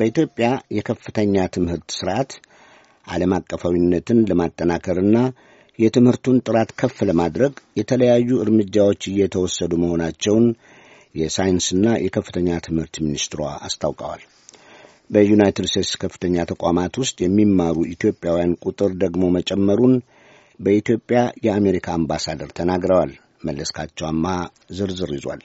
በኢትዮጵያ የከፍተኛ ትምህርት ስርዓት ዓለም አቀፋዊነትን ለማጠናከርና የትምህርቱን ጥራት ከፍ ለማድረግ የተለያዩ እርምጃዎች እየተወሰዱ መሆናቸውን የሳይንስና የከፍተኛ ትምህርት ሚኒስትሯ አስታውቀዋል። በዩናይትድ ስቴትስ ከፍተኛ ተቋማት ውስጥ የሚማሩ ኢትዮጵያውያን ቁጥር ደግሞ መጨመሩን በኢትዮጵያ የአሜሪካ አምባሳደር ተናግረዋል። መለስካቸው አማሃ ዝርዝር ይዟል።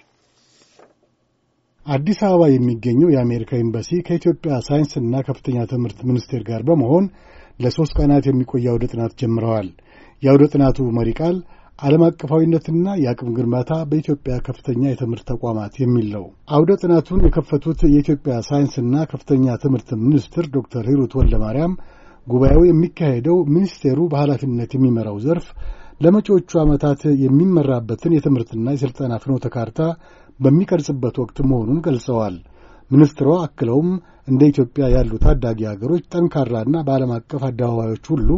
አዲስ አበባ የሚገኘው የአሜሪካ ኤምባሲ ከኢትዮጵያ ሳይንስና ከፍተኛ ትምህርት ሚኒስቴር ጋር በመሆን ለሦስት ቀናት የሚቆይ አውደ ጥናት ጀምረዋል። የአውደ ጥናቱ መሪ ቃል ዓለም አቀፋዊነትና የአቅም ግንባታ በኢትዮጵያ ከፍተኛ የትምህርት ተቋማት የሚል ነው። አውደ ጥናቱን የከፈቱት የኢትዮጵያ ሳይንስና ከፍተኛ ትምህርት ሚኒስትር ዶክተር ሂሩት ማርያም ጉባኤው የሚካሄደው ሚኒስቴሩ በኃላፊነት የሚመራው ዘርፍ ለመጪዎቹ ዓመታት የሚመራበትን የትምህርትና የሥልጠና ፍኖተ ካርታ በሚቀርጽበት ወቅት መሆኑን ገልጸዋል። ሚኒስትሯ አክለውም እንደ ኢትዮጵያ ያሉ ታዳጊ አገሮች ጠንካራና በዓለም አቀፍ አደባባዮች ሁሉ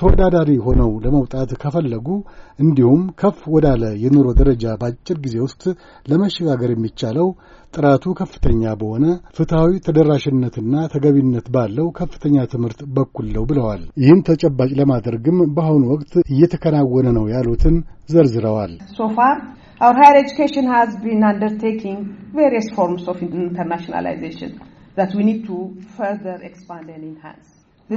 ተወዳዳሪ ሆነው ለመውጣት ከፈለጉ እንዲሁም ከፍ ወዳለ የኑሮ ደረጃ በአጭር ጊዜ ውስጥ ለመሸጋገር የሚቻለው ጥራቱ ከፍተኛ በሆነ ፍትሐዊ ተደራሽነትና ተገቢነት ባለው ከፍተኛ ትምህርት በኩል ነው ብለዋል። ይህን ተጨባጭ ለማድረግም በአሁኑ ወቅት እየተከናወነ ነው ያሉትን ዘርዝረዋል። ሶፋር Our higher education has been undertaking various forms of internationalization that we need to further expand and enhance.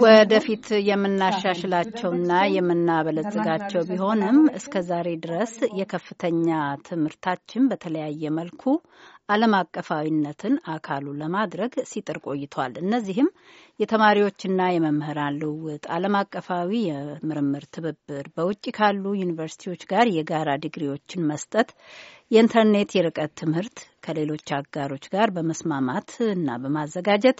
ወደፊት የምናሻሽላቸውና የምናበለጽጋቸው ቢሆንም እስከ ዛሬ ድረስ የከፍተኛ ትምህርታችን በተለያየ መልኩ ዓለም አቀፋዊነትን አካሉ ለማድረግ ሲጥር ቆይቷል። እነዚህም የተማሪዎችና የመምህራን ልውውጥ፣ ዓለም አቀፋዊ የምርምር ትብብር፣ በውጭ ካሉ ዩኒቨርሲቲዎች ጋር የጋራ ዲግሪዎችን መስጠት፣ የኢንተርኔት የርቀት ትምህርት ከሌሎች አጋሮች ጋር በመስማማት እና በማዘጋጀት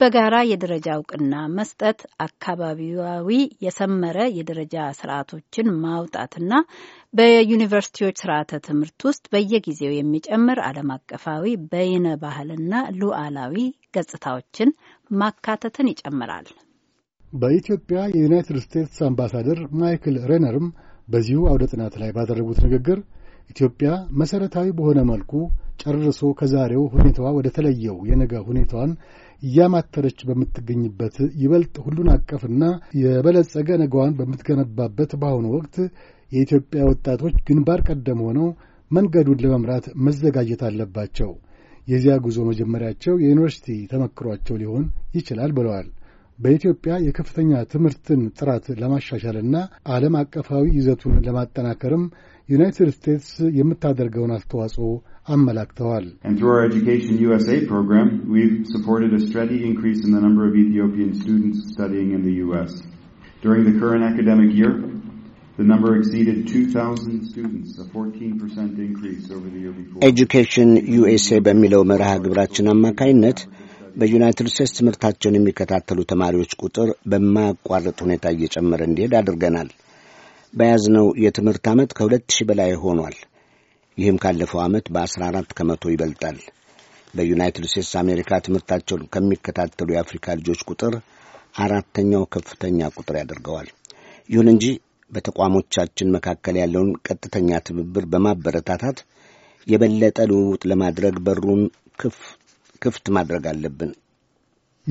በጋራ የደረጃ እውቅና መስጠት፣ አካባቢያዊ የሰመረ የደረጃ ስርዓቶችን ማውጣትና በዩኒቨርሲቲዎች ስርዓተ ትምህርት ውስጥ በየጊዜው የሚጨምር ዓለም አቀፋዊ በይነ ባህልና ሉዓላዊ ገጽታዎችን ማካተትን ይጨምራል። በኢትዮጵያ የዩናይትድ ስቴትስ አምባሳደር ማይክል ሬነርም በዚሁ አውደ ጥናት ላይ ባደረጉት ንግግር ኢትዮጵያ መሠረታዊ በሆነ መልኩ ጨርሶ ከዛሬው ሁኔታዋ ወደ ተለየው የነገ ሁኔታዋን እያማተረች በምትገኝበት ይበልጥ ሁሉን አቀፍና የበለጸገ ነገዋን በምትገነባበት በአሁኑ ወቅት የኢትዮጵያ ወጣቶች ግንባር ቀደም ሆነው መንገዱን ለመምራት መዘጋጀት አለባቸው። የዚያ ጉዞ መጀመሪያቸው የዩኒቨርሲቲ ተመክሯቸው ሊሆን ይችላል ብለዋል። በኢትዮጵያ የከፍተኛ ትምህርትን ጥራት ለማሻሻልና ዓለም አቀፋዊ ይዘቱን ለማጠናከርም ዩናይትድ ስቴትስ የምታደርገውን አስተዋጽኦ አመላክተዋል። ኤጁኬሽን ዩኤስኤ በሚለው መርሃ ግብራችን አማካይነት በዩናይትድ ስቴትስ ትምህርታቸውን የሚከታተሉ ተማሪዎች ቁጥር በማያቋርጥ ሁኔታ እየጨመረ እንዲሄድ አድርገናል። በያዝነው የትምህርት ዓመት ከ2000 በላይ ሆኗል። ይህም ካለፈው ዓመት በ14 ከመቶ ይበልጣል። በዩናይትድ ስቴትስ አሜሪካ ትምህርታቸውን ከሚከታተሉ የአፍሪካ ልጆች ቁጥር አራተኛው ከፍተኛ ቁጥር ያደርገዋል። ይሁን እንጂ በተቋሞቻችን መካከል ያለውን ቀጥተኛ ትብብር በማበረታታት የበለጠ ልውውጥ ለማድረግ በሩን ክፍት ማድረግ አለብን።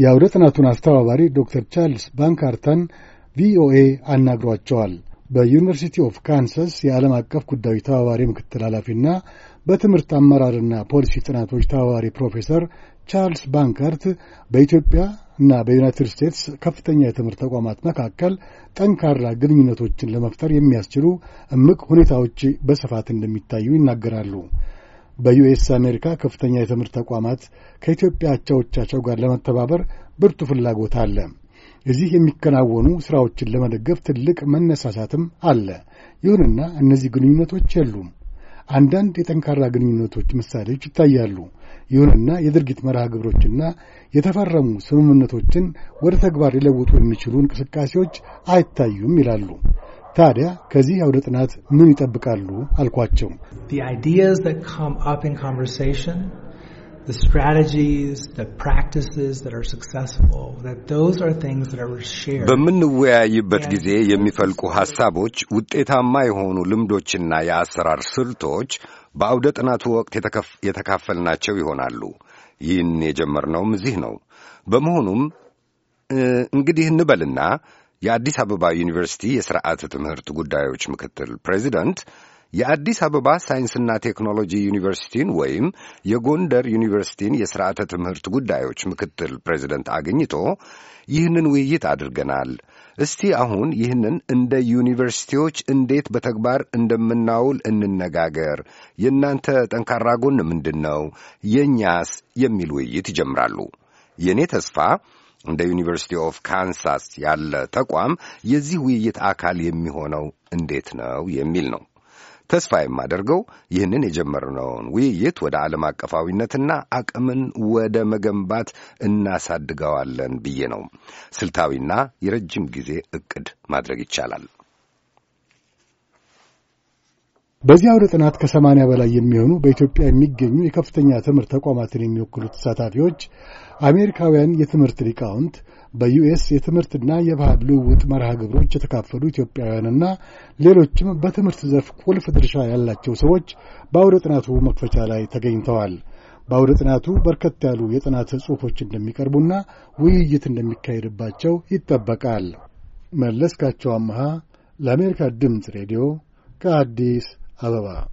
የአውደ ጥናቱን አስተባባሪ ዶክተር ቻርልስ ባንካርተን ቪኦኤ አናግሯቸዋል። በዩኒቨርሲቲ ኦፍ ካንሳስ የዓለም አቀፍ ጉዳዮች ተባባሪ ምክትል ኃላፊና በትምህርት አመራርና ፖሊሲ ጥናቶች ተባባሪ ፕሮፌሰር ቻርልስ ባንከርት በኢትዮጵያ እና በዩናይትድ ስቴትስ ከፍተኛ የትምህርት ተቋማት መካከል ጠንካራ ግንኙነቶችን ለመፍጠር የሚያስችሉ እምቅ ሁኔታዎች በስፋት እንደሚታዩ ይናገራሉ። በዩኤስ አሜሪካ ከፍተኛ የትምህርት ተቋማት ከኢትዮጵያ አቻዎቻቸው ጋር ለመተባበር ብርቱ ፍላጎት አለ። እዚህ የሚከናወኑ ሥራዎችን ለመደገፍ ትልቅ መነሳሳትም አለ። ይሁንና እነዚህ ግንኙነቶች የሉም። አንዳንድ የጠንካራ ግንኙነቶች ምሳሌዎች ይታያሉ። ይሁንና የድርጊት መርሃ ግብሮችና የተፈረሙ ስምምነቶችን ወደ ተግባር ሊለውጡ የሚችሉ እንቅስቃሴዎች አይታዩም ይላሉ። ታዲያ ከዚህ አውደ ጥናት ምን ይጠብቃሉ? አልኳቸው። the strategies, the practices that are successful, that those are things that are shared. በምንወያይበት ጊዜ የሚፈልቁ ሐሳቦች፣ ውጤታማ የሆኑ ልምዶችና የአሰራር ስልቶች በአውደ ጥናቱ ወቅት የተካፈልናቸው ይሆናሉ። ይህን የጀመርነውም እዚህ ነው። በመሆኑም እንግዲህ እንበልና የአዲስ አበባ ዩኒቨርሲቲ የሥርዓተ ትምህርት ጉዳዮች ምክትል ፕሬዚደንት የአዲስ አበባ ሳይንስና ቴክኖሎጂ ዩኒቨርሲቲን ወይም የጎንደር ዩኒቨርሲቲን የሥርዓተ ትምህርት ጉዳዮች ምክትል ፕሬዚደንት አግኝቶ ይህንን ውይይት አድርገናል። እስቲ አሁን ይህንን እንደ ዩኒቨርሲቲዎች እንዴት በተግባር እንደምናውል እንነጋገር። የእናንተ ጠንካራ ጎን ምንድን ነው? የእኛስ? የሚል ውይይት ይጀምራሉ። የእኔ ተስፋ እንደ ዩኒቨርሲቲ ኦፍ ካንሳስ ያለ ተቋም የዚህ ውይይት አካል የሚሆነው እንዴት ነው የሚል ነው። ተስፋ የማደርገው ይህንን የጀመርነውን ውይይት ወደ ዓለም አቀፋዊነትና አቅምን ወደ መገንባት እናሳድገዋለን ብዬ ነው። ስልታዊና የረጅም ጊዜ እቅድ ማድረግ ይቻላል። በዚህ አውደ ጥናት ከሰማንያ በላይ የሚሆኑ በኢትዮጵያ የሚገኙ የከፍተኛ ትምህርት ተቋማትን የሚወክሉ ተሳታፊዎች አሜሪካውያን የትምህርት ሊቃውንት በዩኤስ የትምህርትና የባህል ልውውጥ መርሃ ግብሮች የተካፈሉ ኢትዮጵያውያንና ሌሎችም በትምህርት ዘርፍ ቁልፍ ድርሻ ያላቸው ሰዎች በአውደ ጥናቱ መክፈቻ ላይ ተገኝተዋል። በአውደ ጥናቱ በርከት ያሉ የጥናት ጽሑፎች እንደሚቀርቡና ውይይት እንደሚካሄድባቸው ይጠበቃል። መለስካቸው አምሃ ለአሜሪካ ድምፅ ሬዲዮ ከአዲስ 好吧。